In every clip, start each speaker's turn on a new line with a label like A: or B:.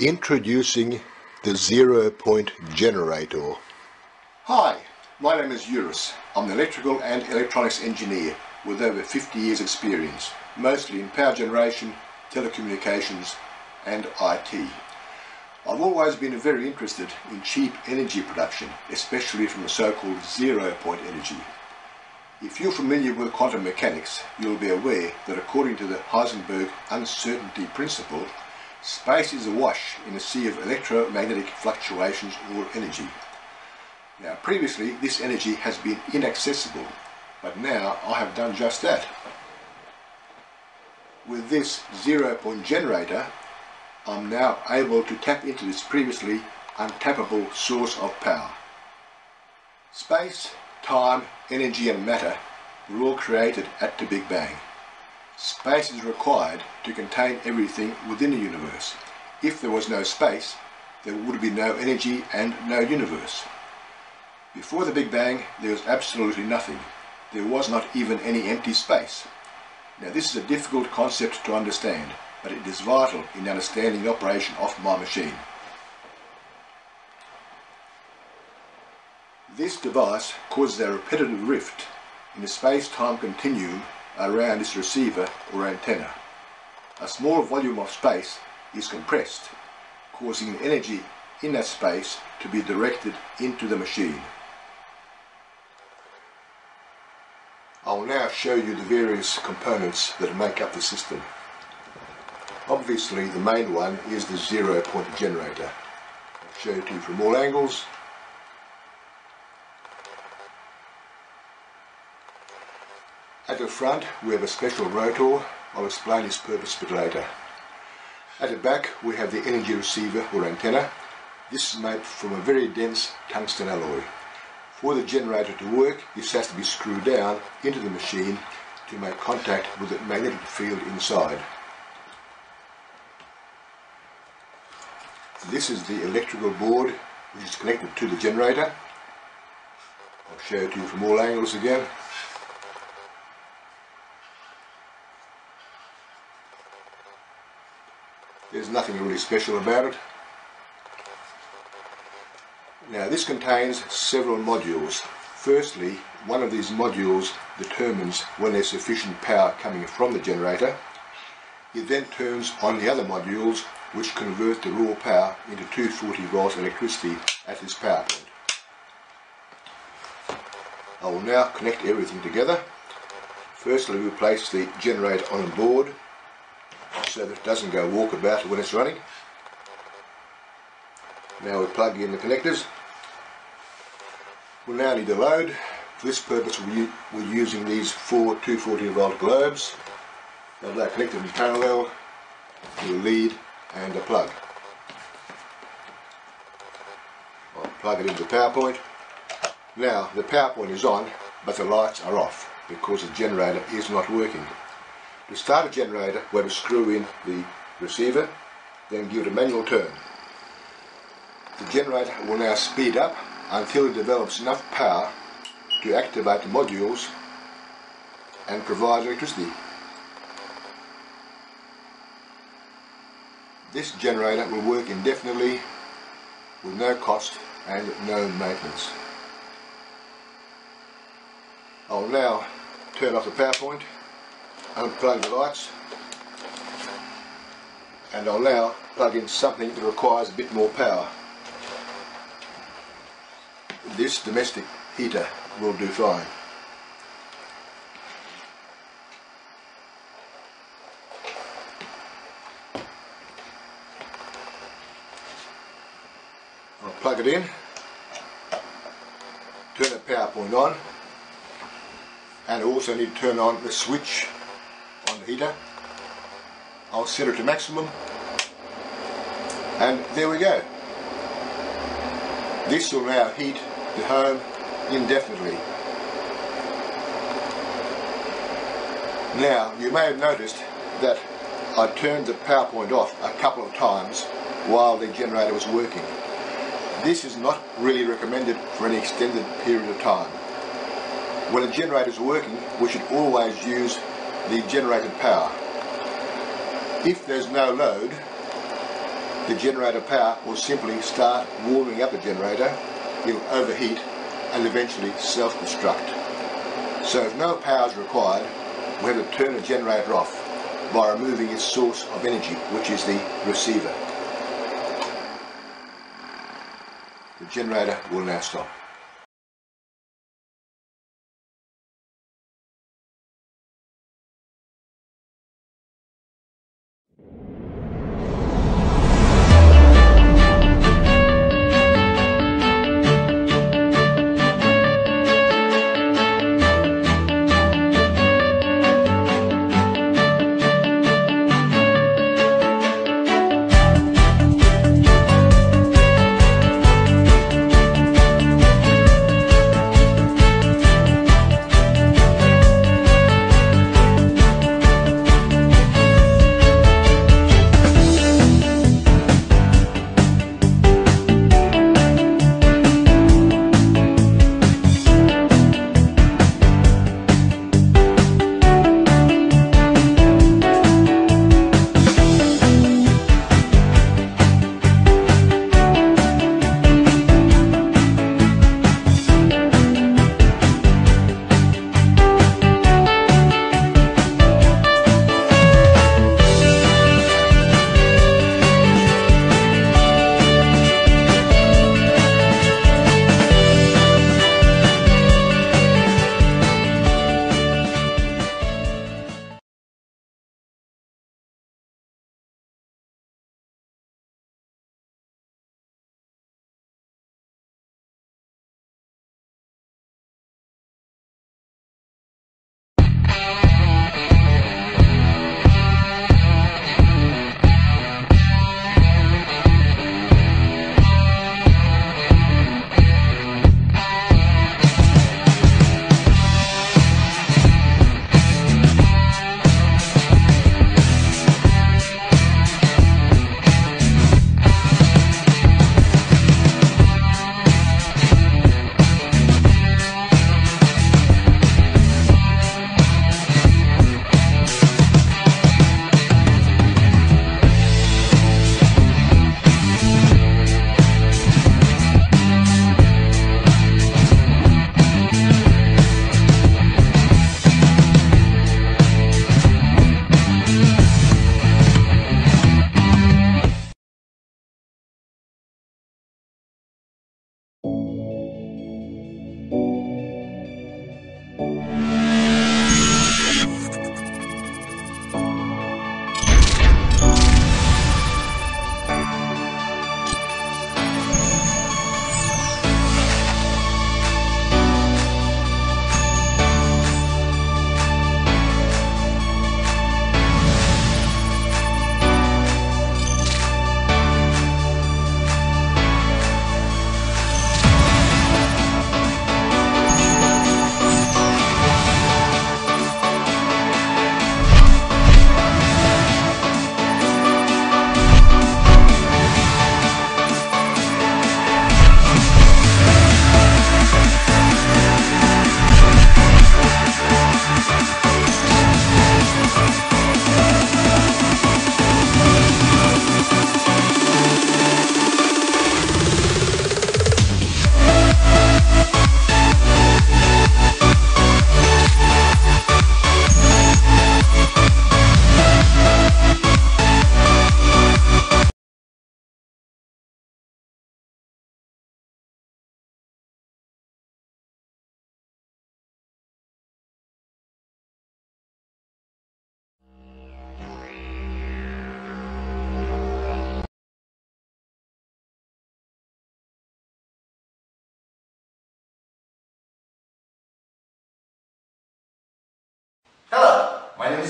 A: Introducing the zero point generator. Hi, my name is Eurus. I'm an electrical and electronics engineer with over 50 years experience, mostly in power generation, telecommunications and IT. I've always been very interested in cheap energy production, especially from the so-called zero point energy. If you're familiar with quantum mechanics, you'll be aware that according to the Heisenberg uncertainty principle Space is awash in a sea of electromagnetic fluctuations or energy. Now previously this energy has been inaccessible, but now I have done just that. With this zero point generator, I'm now able to tap into this previously untappable source of power. Space, time, energy and matter were all created at the Big Bang. Space is required to contain everything within the universe. If there was no space, there would be no energy and no universe. Before the Big Bang, there was absolutely nothing. There was not even any empty space. Now this is a difficult concept to understand, but it is vital in understanding the operation of my machine. This device causes a repetitive rift in the space-time continuum around this receiver or antenna. A small volume of space is compressed, causing energy in that space to be directed into the machine. I'll now show you the various components that make up the system. Obviously the main one is the zero point generator. I'll show it to you from all angles At the front we have a special rotor, I'll explain its purpose a bit later. At the back we have the energy receiver or antenna. This is made from a very dense tungsten alloy. For the generator to work, this has to be screwed down into the machine to make contact with the magnetic field inside. This is the electrical board which is connected to the generator. I'll show it to you from all angles again. There's nothing really special about it. Now this contains several modules. Firstly, one of these modules determines when there's sufficient power coming from the generator. It then turns on the other modules which convert the raw power into 240 volts electricity at this power point. I will now connect everything together. Firstly we place the generator on board so that it doesn't go walkabout when it's running. Now we plug in the connectors. We'll now need the load. For this purpose we're using these four 240 volt globes. Now they're connected in parallel to a lead and a plug. I'll plug it into PowerPoint. Now the PowerPoint is on but the lights are off because the generator is not working. We start a generator where we screw in the receiver, then give it a manual turn. The generator will now speed up until it develops enough power to activate the modules and provide electricity. This generator will work indefinitely with no cost and no maintenance. I'll now turn off the PowerPoint unplug the lights and I'll now plug in something that requires a bit more power. This domestic heater will do fine. I'll plug it in, turn the power point on and also need to turn on the switch heater. I'll set it to maximum. And there we go. This will now heat the home indefinitely. Now, you may have noticed that I turned the PowerPoint off a couple of times while the generator was working. This is not really recommended for an extended period of time. When a generator is working, we should always use the generated power. If there's no load, the generator power will simply start warming up the generator, it'll overheat and eventually self-destruct. So if no power is required, we have to turn the generator off by removing its source of energy, which is the receiver. The generator will now stop.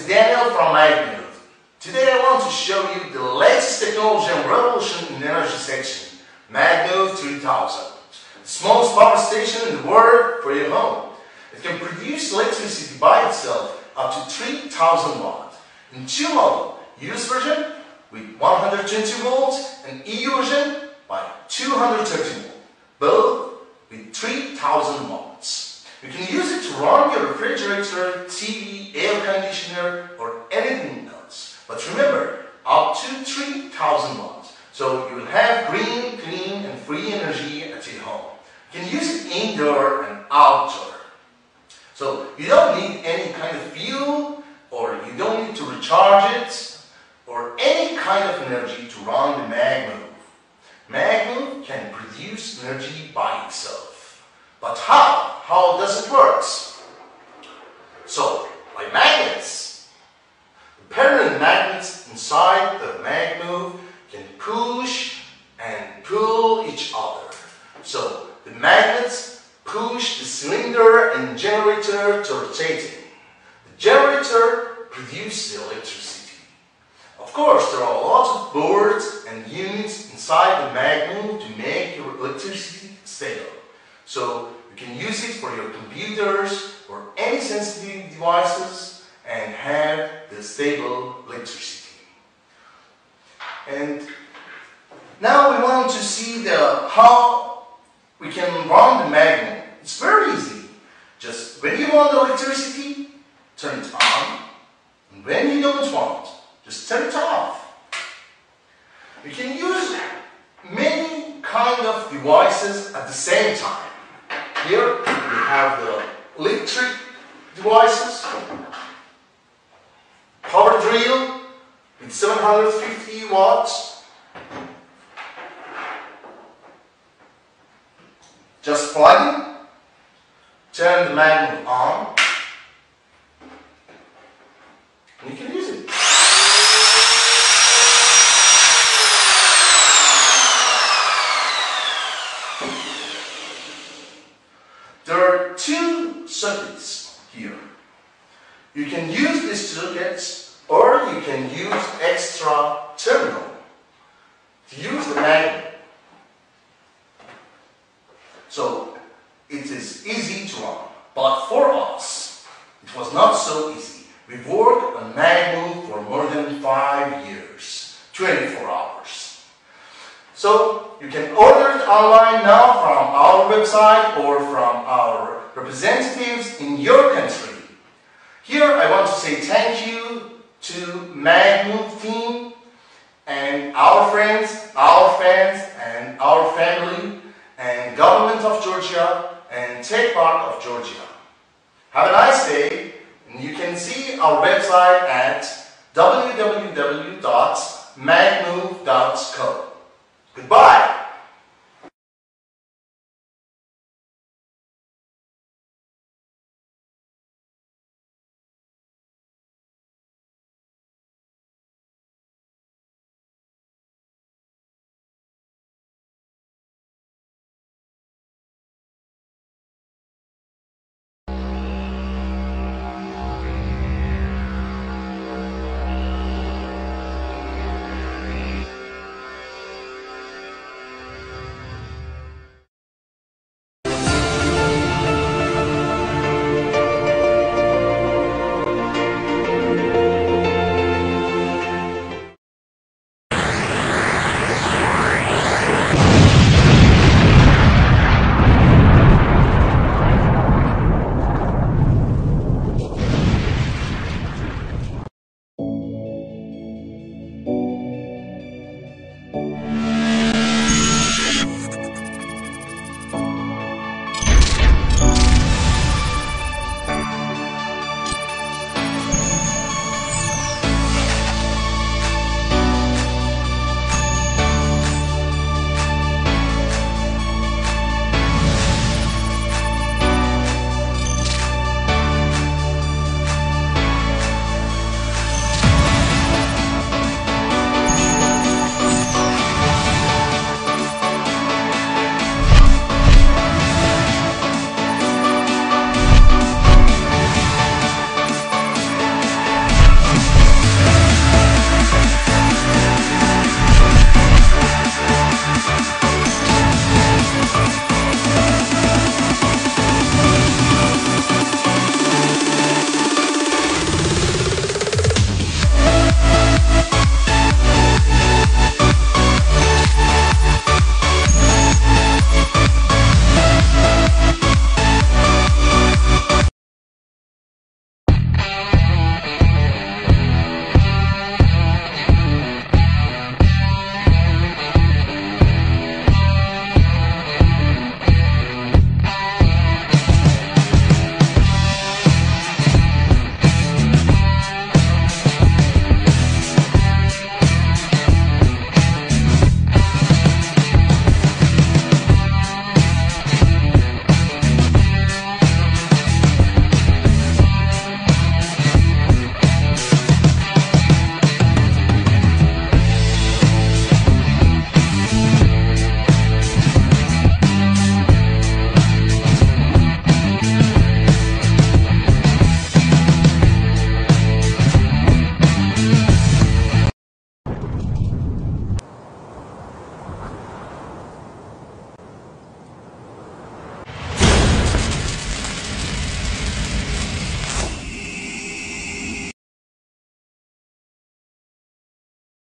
B: is Daniel from Magno. Today I want to show you the latest technology and revolution in energy section, Magno 3000. The smallest power station in the world for your home. It can produce electricity by itself up to 3000 watts. In two models, US version with 120 volts and EU version by 230 volts, both with 3000 watts. You can use it to run your refrigerator, TV,
A: air conditioner, or anything
B: magnets inside the magma electricity. And now we want to see the how we can run the magnet. It's very easy. Just when you want the electricity, turn it on. And when you don't want, just turn it off. You can use many kind of devices at the same time. Here we have the electric devices drill with 750 watts. Just plug it, turn the magnet on, you can terminal to use the magnet. So it is easy to run, but for us, it was not so easy. We worked on MagMove for more than five years, 24 hours. So you can order it online now from our website or from our representatives in your country. Here I want to say thank you to Magnum team and our friends, our fans, and our family, and government of Georgia, and take part of Georgia. Have a nice day, and you can see our website at www.magmove.co.
A: Goodbye!